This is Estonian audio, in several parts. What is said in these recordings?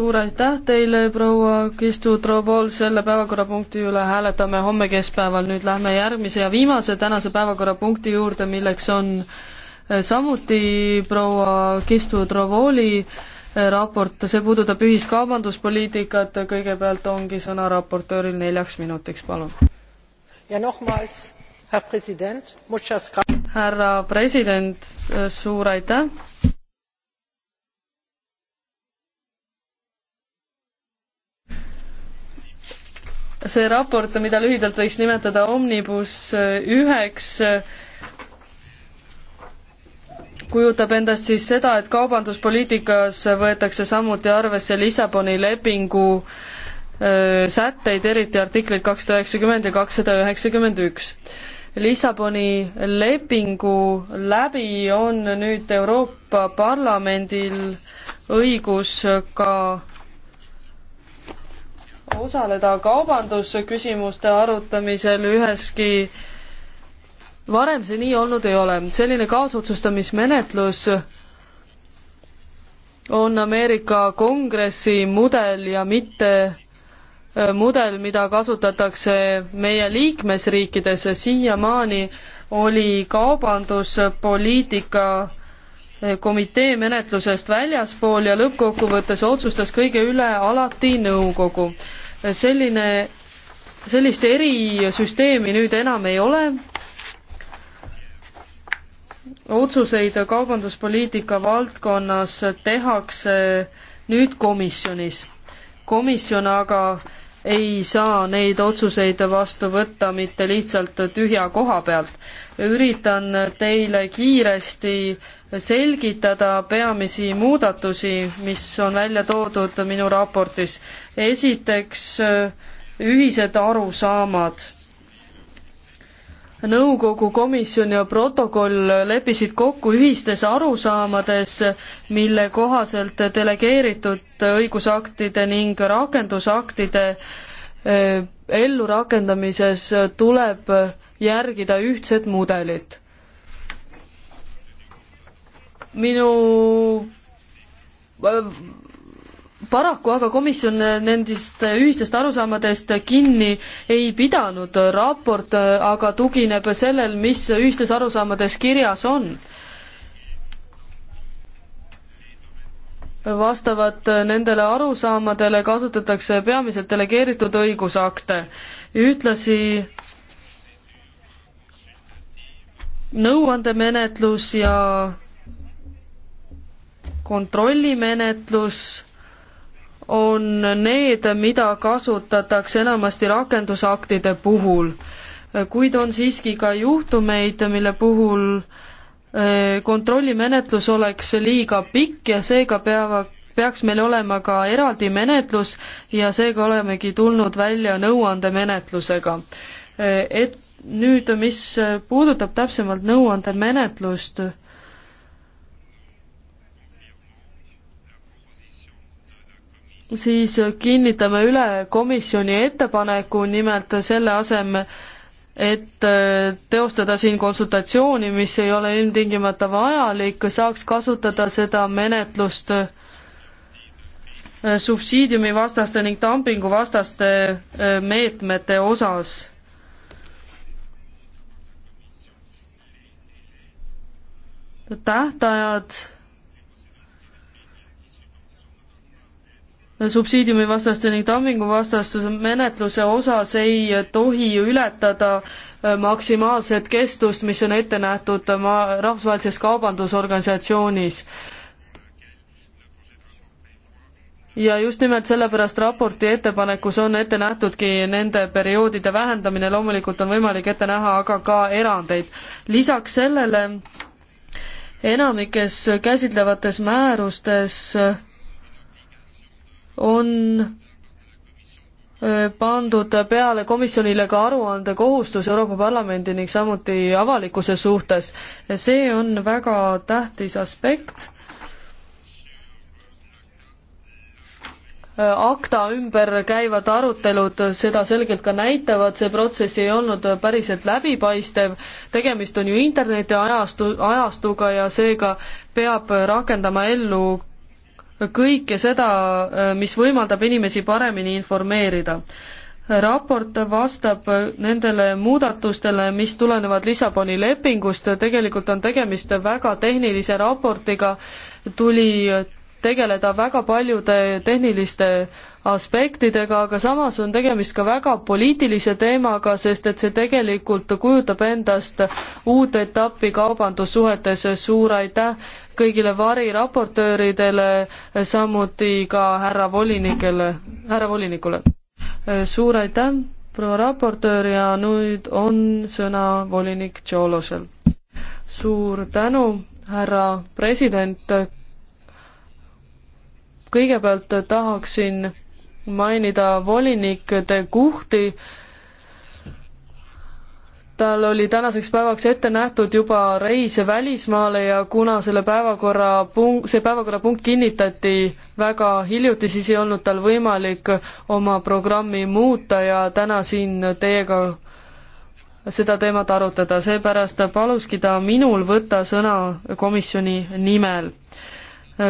suur aitäh teile, proua Kristu Trobol, selle päevakorrapunkti üle hääletame homme keskpäeval, nüüd lähme järgmise ja viimase tänase päevakorrapunkti juurde, milleks on eh, samuti proua Kristu Troboli eh, raport, see puudutab ühist kaubanduspoliitikat, kõigepealt ongi sõna raportööril neljaks minutiks, palun. ja nohmals, härra president, härra president, eh, suur aitäh! see raport, mida lühidalt võiks nimetada Omnibus äh, üheks, äh, kujutab endast siis seda, et kaubanduspoliitikas võetakse samuti arvesse Lissaboni lepingu öö, äh, sätteid, eriti artikleid kakssada üheksakümmend ja kakssada üheksakümmend üks. Lissaboni lepingu läbi on nüüd Euroopa Parlamendil õigus ka osaleda kaubandusküsimuste arutamisel üheski varem see nii olnud ei ole. selline kaasotsustamismenetlus on Ameerika Kongressi mudel ja mitte äh, mudel, mida kasutatakse meie liikmesriikides. siiamaani oli kaubanduspoliitika äh, komitee menetlusest väljaspool ja lõppkokkuvõttes otsustas kõige üle alati nõukogu selline, sellist erisüsteemi nüüd enam ei ole. otsuseid kaubanduspoliitika valdkonnas tehakse nüüd komisjonis. komisjon aga ei saa neid otsuseid vastu võtta mitte lihtsalt tühja koha pealt. üritan teile kiiresti äh, selgitada peamisi muudatusi, mis on välja toodud minu raportis. esiteks ühised arusaamad. nõukogu komisjon ja protokoll leppisid kokku ühistes arusaamades, mille kohaselt delegeeritud õigusaktide ning rakendusaktide eh, ellurakendamises tuleb järgida ühtset mudelit minu äh, paraku aga komisjon nendest ühistest arusaamadest kinni ei pidanud, raport äh, aga tugineb sellel, mis ühistes arusaamades kirjas on. vastavalt nendele arusaamadele kasutatakse peamiselt delegeeritud õigusakte, ühtlasi nõuandemenetlus ja kontrollimenetlus on need, mida kasutatakse enamasti rakendusaktide puhul, kuid on siiski ka juhtumeid, mille puhul eh, kontrollimenetlus oleks liiga pikk ja seega peava, peaks meil olema ka eraldi menetlus ja seega olemegi tulnud välja nõuandemenetlusega. Eh, et nüüd, mis puudutab täpsemalt nõuandemenetlust, siis kinnitame üle komisjoni ettepaneku, nimelt selle asemel, et äh, teostada siin konsultatsiooni, mis ei ole ilmtingimata vajalik, saaks kasutada seda menetlust äh, subsiidiumivastaste ning dumpinguvastaste äh, meetmete osas. tähtajad subsiidiumivastaste ning tamminguvastastuse menetluse osas ei tohi ületada äh, maksimaalset kestust, mis on ette nähtud äh, ma-, rahvusvahelises kaubandusorganisatsioonis. ja just nimelt sellepärast raporti ettepanekus on ette nähtudki nende perioodide vähendamine, loomulikult on võimalik ette näha aga ka erandeid. lisaks sellele enamikes käsitlevates määrustes äh, on äh, pandud peale komisjonile ka aruandekohustus Euroopa Parlamendi ning samuti avalikkuse suhtes. see on väga tähtis aspekt. Äh, akta ümber käivad arutelud seda selgelt ka näitavad, see protsess ei olnud päriselt läbipaistev, tegemist on ju interneti ajastu, ajastuga ja seega peab rakendama ellu kõike seda, äh, mis võimaldab inimesi paremini informeerida. raport vastab nendele muudatustele, mis tulenevad Lissaboni lepingust, tegelikult on tegemist väga tehnilise raportiga, tuli tegeleda väga paljude tehniliste aspektidega, aga samas on tegemist ka väga poliitilise teemaga, sest et see tegelikult kujutab endast uut etappi kaubandussuhetes. suur aitäh kõigile variraportööridele, samuti ka härra volinikele, härra volinikule. suur aitäh, proua raportöör ja nüüd on sõna volinik Tšolosel. suur tänu, härra president. kõigepealt tahaksin mainida volinik De Guhti. tal oli tänaseks päevaks ette nähtud juba reise välismaale ja kuna selle päevakorrapunkt, see päevakorrapunkt kinnitati väga hiljuti, siis ei olnud tal võimalik oma programmi muuta ja täna siin teiega seda teemat arutada, seepärast paluski ta minul võtta sõna komisjoni nimel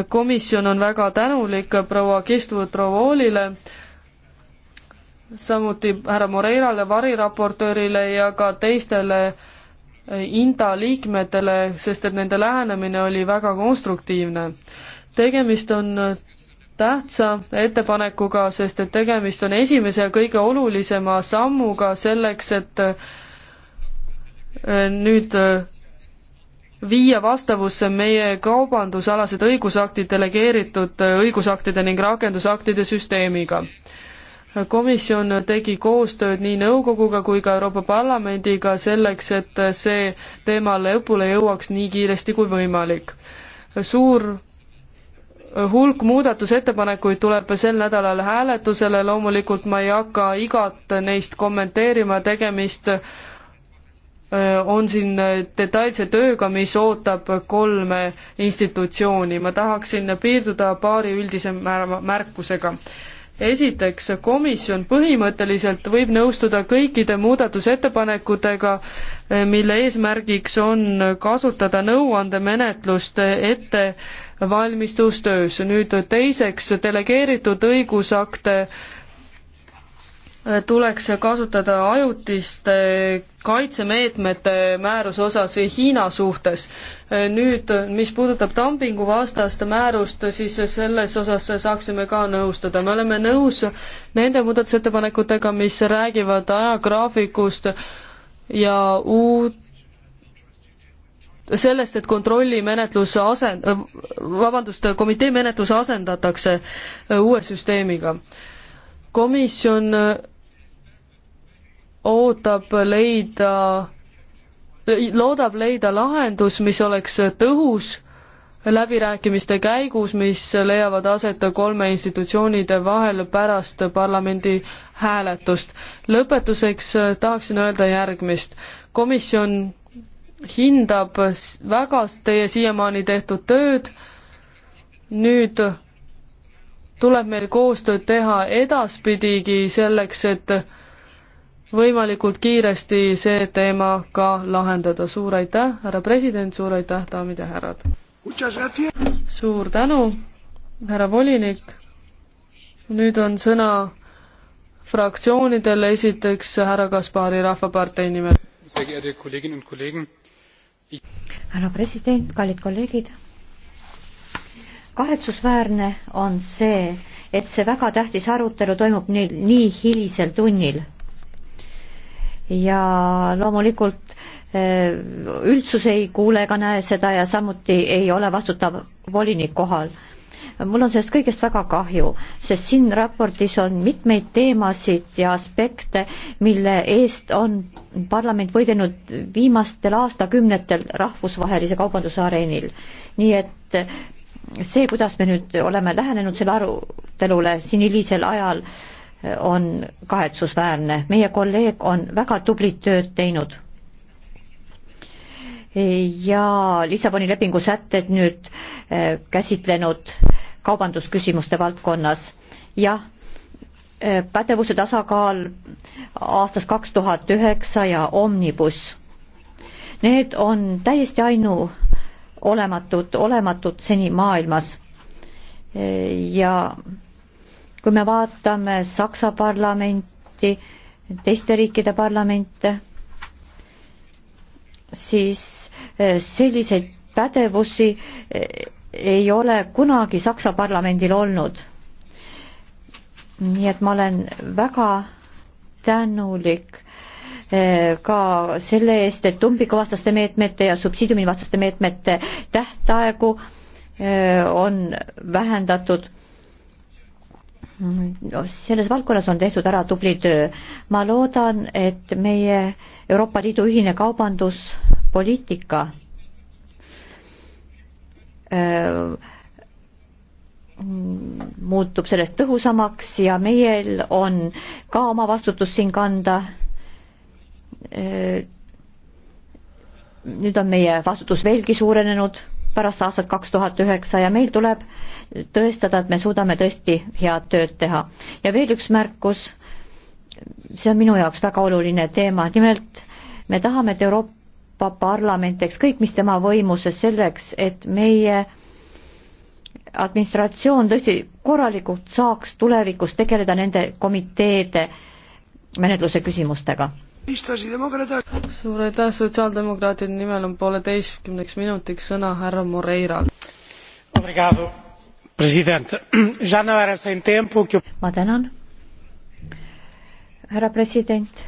komisjon on väga tänulik proua Kistvu-Trovoolile, samuti härra Moreirale, variraportöörile ja ka teistele INTA liikmetele, sest et nende lähenemine oli väga konstruktiivne. tegemist on tähtsa ettepanekuga, sest et tegemist on esimese ja kõige olulisema sammuga selleks, et nüüd viia vastavusse meie kaubandusalased õigusaktid delegeeritud õigusaktide ning rakendusaktide süsteemiga. komisjon tegi koostööd nii nõukoguga kui ka Euroopa Parlamendiga selleks, et see teema lõpule jõuaks nii kiiresti kui võimalik. suur hulk muudatusettepanekuid tuleb sel nädalal hääletusele, loomulikult ma ei hakka igat neist kommenteerima, tegemist Äh, on siin äh, detailse tööga, mis ootab kolme institutsiooni. ma tahaksin piirduda paari üldise märkusega. esiteks, komisjon põhimõtteliselt võib nõustuda kõikide muudatusettepanekutega, äh, mille eesmärgiks on kasutada nõuandemenetlust ette valmistustöös. nüüd teiseks, delegeeritud õigusakte tuleks kasutada ajutiste kaitsemeetmete määruse osas Hiina suhtes. nüüd, mis puudutab dumpinguvastast määrust, siis selles osas saaksime ka nõustuda. me oleme nõus nende muudatusettepanekutega, mis räägivad ajagraafikust ja uut sellest, et kontrollimenetlus asend-, äh, vabandust, komitee menetlus asendatakse uue süsteemiga. komisjon ootab leida, loodab leida lahendus, mis oleks tõhus läbirääkimiste käigus, mis leiavad aset kolme institutsioonide vahel pärast parlamendi hääletust. lõpetuseks tahaksin öelda järgmist. komisjon hindab väga teie siiamaani tehtud tööd, nüüd tuleb meil koostööd teha edaspidigi selleks, et võimalikult kiiresti see teema ka lahendada. suur aitäh, härra president, suur aitäh, daamid ja härrad! suur tänu, härra volinik! nüüd on sõna fraktsioonidele, esiteks härra Kaspari Rahvapartei nimel. härra president, kallid kolleegid! kahetsusväärne on see, et see väga tähtis arutelu toimub nii, nii hilisel tunnil ja loomulikult eh, üldsus ei kuule ega näe seda ja samuti ei ole vastutav volinik kohal mul on sellest kõigest väga kahju, sest siin raportis on mitmeid teemasid ja aspekte, mille eest on parlament võidelnud viimastel aastakümnetel rahvusvahelise kaubanduse areenil. nii et eh, see, kuidas me nüüd oleme lähenenud selle arutelule siin hilisel ajal, on kahetsusväärne. meie kolleeg on väga tublit tööd teinud. ja Lissaboni lepingu sätted nüüd eh, käsitlenud kaubandusküsimuste valdkonnas. jah, eh, pädevuse tasakaal aastast kaks tuhat üheksa ja Omnibus. Need on täiesti ainuolematud, olematud seni maailmas. Eh, ja kui me vaatame Saksa parlamenti, teiste riikide parlamente, siis eh, selliseid pädevusi eh, ei ole kunagi Saksa parlamendil olnud. nii et ma olen väga tänulik eh, ka selle eest, et umbikuvastaste meetmete ja subsiidiumivastaste meetmete tähtaegu on vähendatud selles valdkonnas on tehtud ära tubli töö. ma loodan, et meie Euroopa Liidu ühine kaubanduspoliitika äh, muutub sellest tõhusamaks ja meil on ka oma vastutus siin kanda. Äh, nüüd on meie vastutus veelgi suurenenud pärast aastat kaks tuhat üheksa ja meil tuleb tõestada, et me suudame tõesti head tööd teha. ja veel üks märkus, see on minu jaoks väga oluline teema, nimelt me tahame, et Euroopa Parlament teeks kõik, mis tema võimuses selleks, et meie administratsioon tõesti korralikult saaks tulevikus tegeleda nende komiteede menetluse küsimustega suur aitäh, sotsiaaldemokraatide nimel on pooleteistkümneks minutiks sõna härra Moreiral. ma tänan, härra president.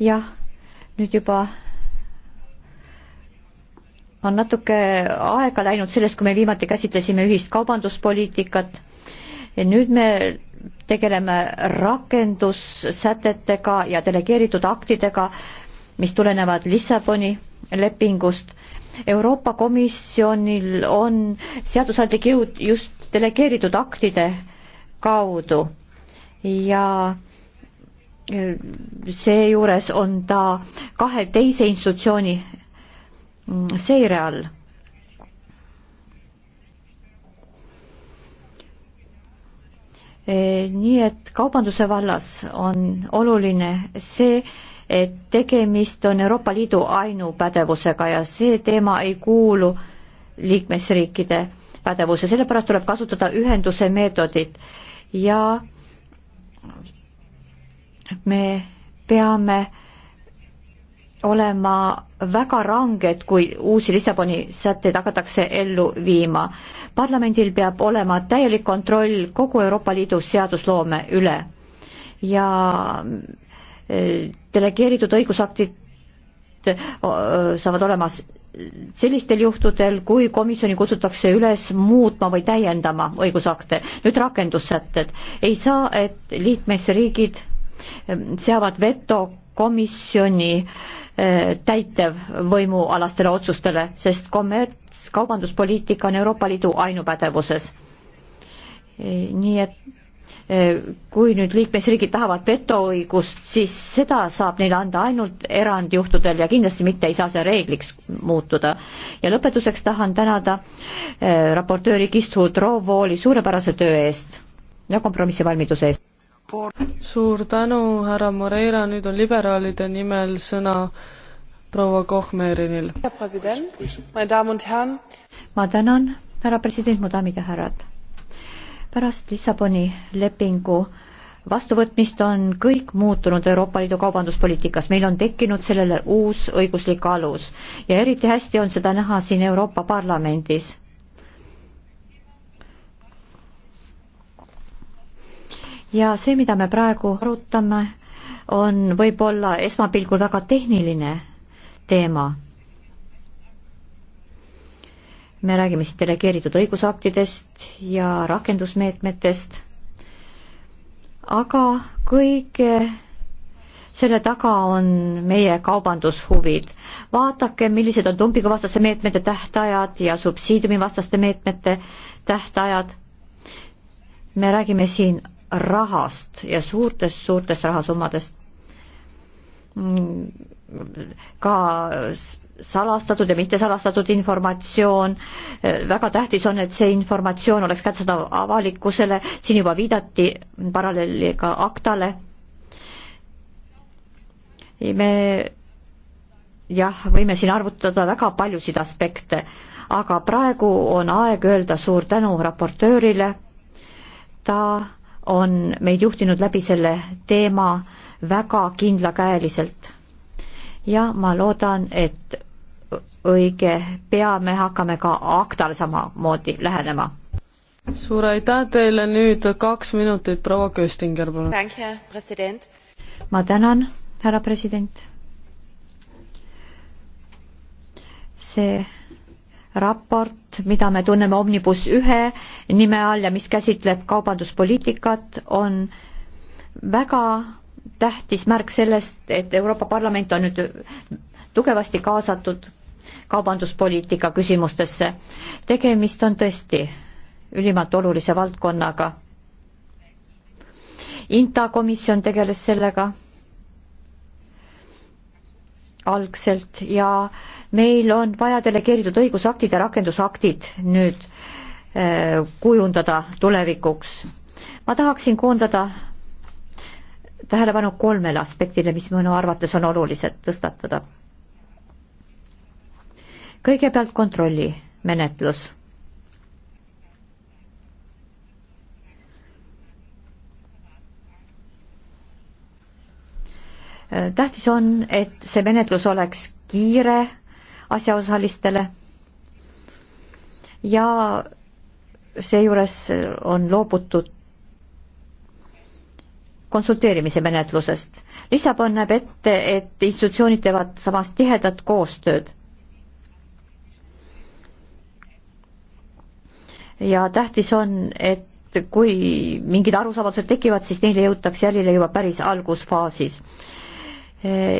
jah, nüüd juba on natuke aega läinud sellest, kui me viimati käsitlesime ühist kaubanduspoliitikat. nüüd me tegeleme rakendussätetega ja delegeeritud aktidega, mis tulenevad Lissaboni lepingust. Euroopa Komisjonil on seadusandlik jõud just delegeeritud aktide kaudu ja e, seejuures on ta kahe teise institutsiooni mm, seire all nii et kaubanduse vallas on oluline see, et tegemist on Euroopa Liidu ainupädevusega ja see teema ei kuulu liikmesriikide pädevuse, sellepärast tuleb kasutada ühenduse meetodit ja me peame olema väga ranged, kui uusi Lissaboni sätteid hakatakse ellu viima. parlamendil peab olema täielik kontroll kogu Euroopa Liidu seadusloome üle ja e, delegeeritud õigusaktid e, saavad olema sellistel juhtudel, kui komisjoni kutsutakse üles muutma või täiendama õigusakte. nüüd rakendussätted. ei saa, et liikmesriigid e, seavad veto komisjoni eh, täitevvõimualastele otsustele, sest kommerts, kaubanduspoliitika on Euroopa Liidu ainupädevuses. Eh, nii et eh, kui nüüd liikmesriigid tahavad vetoõigust, siis seda saab neile anda ainult erandjuhtudel ja kindlasti mitte ei saa see reegliks muutuda. ja lõpetuseks tahan tänada raportööri Kistu Troovooli suurepärase töö eest ja kompromissivalmiduse eest suur tänu, härra Moreira, nüüd on liberaalide nimel sõna proua Kohmerinil. ma tänan, härra president, mu daamid ja härrad. pärast Lissaboni lepingu vastuvõtmist on kõik muutunud Euroopa Liidu kaubanduspoliitikas, meil on tekkinud sellele uus õiguslik alus ja eriti hästi on seda näha siin Euroopa Parlamendis ja see, mida me praegu arutame, on võib-olla esmapilgul väga tehniline teema. me räägime siin delegeeritud õigusaktidest ja rakendusmeetmetest, aga kõige selle taga on meie kaubandushuvid. vaadake, millised on dumpinguvastaste meetmete tähtajad ja subsiidiumivastaste meetmete tähtajad. me räägime siin rahast ja suurtest-suurtest rahasummadest. ka salastatud ja mittesalastatud informatsioon, väga tähtis on, et see informatsioon oleks kättesaadav avalikkusele, siin juba viidati paralleeliga aktale. me jah, võime siin arvutada väga paljusid aspekte, aga praegu on aeg öelda suur tänu raportöörile, ta on meid juhtinud läbi selle teema väga kindlakäeliselt. ja ma loodan, et õige pea me hakkame ka aktale samamoodi lähenema. suur aitäh teile, nüüd kaks minutit, proua Köstinger, palun. ma tänan, härra president. see raport, mida me tunneme Omnibus ühe nime all ja mis käsitleb kaubanduspoliitikat, on väga tähtis märk sellest, et Euroopa Parlament on nüüd tugevasti kaasatud kaubanduspoliitika küsimustesse. tegemist on tõesti ülimalt olulise valdkonnaga. Inta komisjon tegeles sellega algselt ja meil on vaja delegeeritud õigusaktid ja rakendusaktid nüüd äh, kujundada tulevikuks. ma tahaksin koondada tähelepanu kolmele aspektile, mis minu arvates on olulised tõstatada. kõigepealt kontrollimenetlus Äh, tähtis on, et see menetlus oleks kiire asjaosalistele ja seejuures on loobutud konsulteerimise menetlusest. Lissabon näeb ette, et institutsioonid teevad samas tihedat koostööd. ja tähtis on, et kui mingid arusaamatused tekivad, siis neile jõutakse jälile juba päris algusfaasis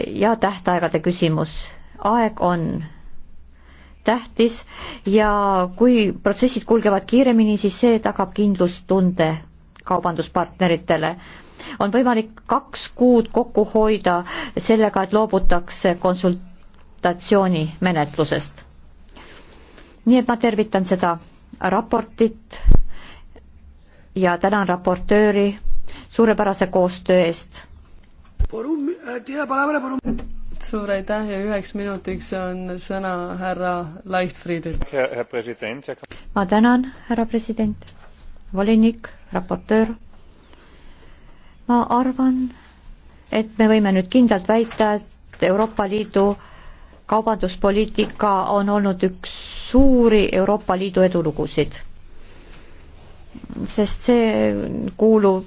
ja tähtaegade küsimus. aeg on tähtis ja kui protsessid kulgevad kiiremini, siis see tagab kindlustunde kaubanduspartneritele. on võimalik kaks kuud kokku hoida sellega, et loobutakse konsultatsiooni menetlusest. nii et ma tervitan seda raportit ja tänan raportööri suurepärase koostöö eest Eh, suur aitäh ja üheks minutiks on sõna härra Leichtfriedil. ma tänan, härra president, volinik, raportöör. ma arvan, et me võime nüüd kindlalt väita, et Euroopa Liidu kaubanduspoliitika on olnud üks suuri Euroopa Liidu edulugusid. sest see kuulub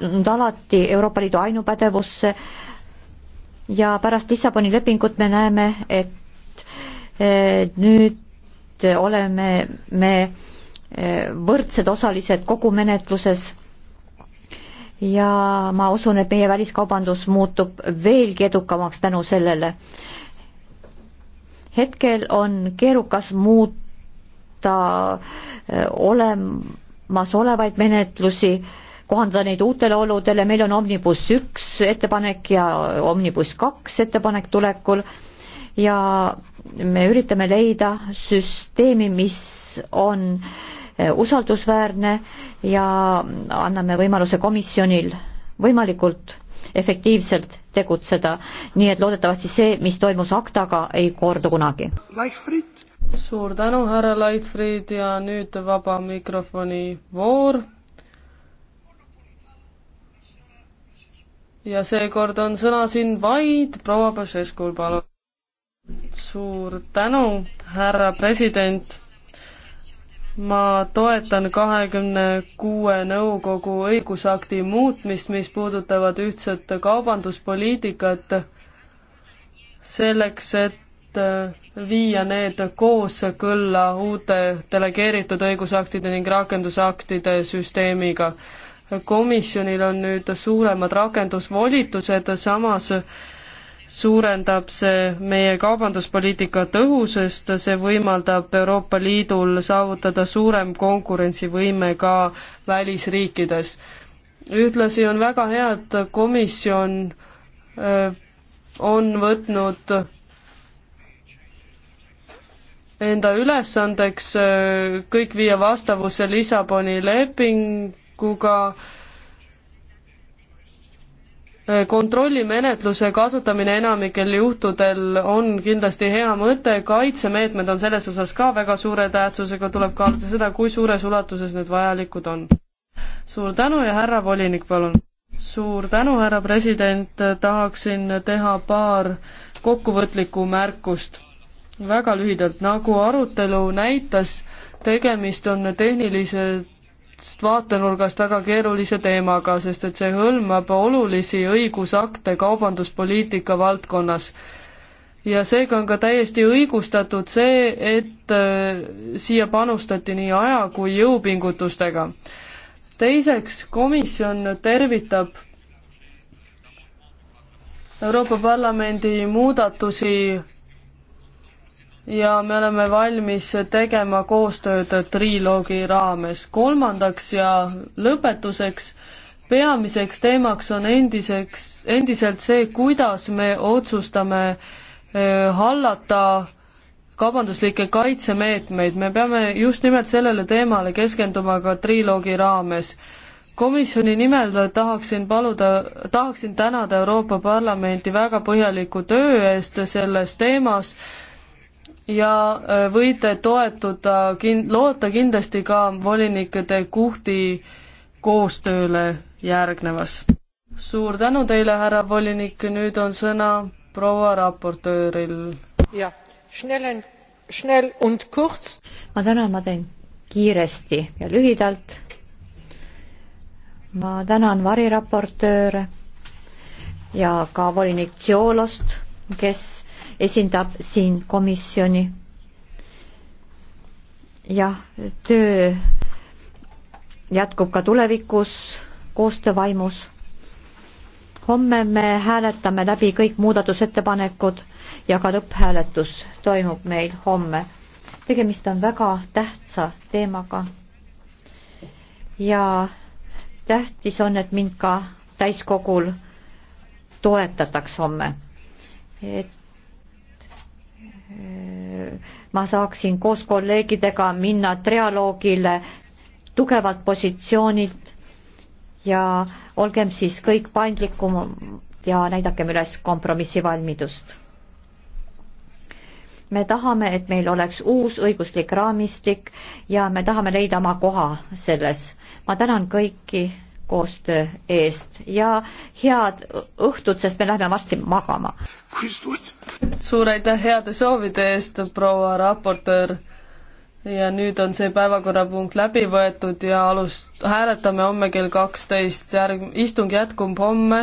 jäänud alati Euroopa Liidu ainupädevusse ja pärast Lissaboni lepingut me näeme, et eh, nüüd oleme me eh, võrdsed osalised kogu menetluses ja ma usun, et meie väliskaubandus muutub veelgi edukamaks tänu sellele. hetkel on keerukas muuta eh, olemasolevaid menetlusi kohandada neid uutele oludele, meil on Omnibus üks ettepanek ja Omnibus kaks ettepanek tulekul ja me üritame leida süsteemi, mis on eh, usaldusväärne ja anname võimaluse komisjonil võimalikult efektiivselt tegutseda, nii et loodetavasti see, mis toimus aktaga, ei kordu kunagi. suur tänu, härra Leitfried ja nüüd vaba mikrofoni voor ja seekord on sõna siin vaid proua Pašeskul, palun. suur tänu, härra president. ma toetan kahekümne kuue nõukogu õigusakti muutmist, mis puudutavad ühtset kaubanduspoliitikat selleks, et äh, viia need kooskõlla uute delegeeritud õigusaktide ning rakendusaktide süsteemiga komisjonil on nüüd suuremad rakendusvolitused, samas suurendab see meie kaubanduspoliitika tõhusust, see võimaldab Euroopa Liidul saavutada suurem konkurentsivõime ka välisriikides. ühtlasi on väga hea, et komisjon on võtnud enda ülesandeks kõik viia vastavusse Lissaboni leping tulevikuga äh, kontrollimenetluse kasutamine enamikel juhtudel on kindlasti hea mõte, kaitsemeetmed on selles osas ka väga suure tähtsusega, tuleb kaaluda seda, kui suures ulatuses need vajalikud on. suur tänu ja härra volinik, palun! suur tänu, härra president, tahaksin teha paar kokkuvõtlikku märkust. väga lühidalt, nagu arutelu näitas, tegemist on tehniliselt vaatenurgast väga keerulise teemaga, sest et see hõlmab olulisi õigusakte kaubanduspoliitika valdkonnas. ja seega on ka täiesti õigustatud see, et äh, siia panustati nii aja kui jõupingutustega. teiseks, komisjon tervitab Euroopa Parlamendi muudatusi ja me oleme valmis tegema koostööd triloogi raames. kolmandaks ja lõpetuseks, peamiseks teemaks on endiseks, endiselt see, kuidas me otsustame eh, hallata kaubanduslikke kaitsemeetmeid, me peame just nimelt sellele teemale keskenduma ka triloogi raames. komisjoni nimel tahaksin paluda, tahaksin tänada Euroopa Parlamenti väga põhjaliku töö eest selles teemas ja äh, võite toetuda kin-, loota kindlasti ka volinike de Guhti koostööle järgnevas. suur tänu teile, härra volinik, nüüd on sõna proua raportööril. jah, schnell, schnell und kurz. ma tänan, ma teen kiiresti ja lühidalt. ma tänan variraportööre ja ka volinik Tšiolost, kes esindab siin komisjoni. jah, töö jätkub ka tulevikus koostöövaimus. homme me hääletame läbi kõik muudatusettepanekud ja ka lõpphääletus toimub meil homme. tegemist on väga tähtsa teemaga. ja tähtis on, et mind ka täiskogul toetataks homme. et ma saaksin koos kolleegidega minna trialoogile tugevalt positsioonilt ja olgem siis kõik paindlikumad ja näidakem üles kompromissivalmidust. me tahame, et meil oleks uus õiguslik raamistik ja me tahame leida oma koha selles. ma tänan kõiki koostöö eest ja head õhtut, sest me läheme varsti magama. suur aitäh heade soovide eest, proua raportöör. ja nüüd on see päevakorrapunkt läbi võetud ja alust-, hääletame homme kell kaksteist, järg-, istung jätkub homme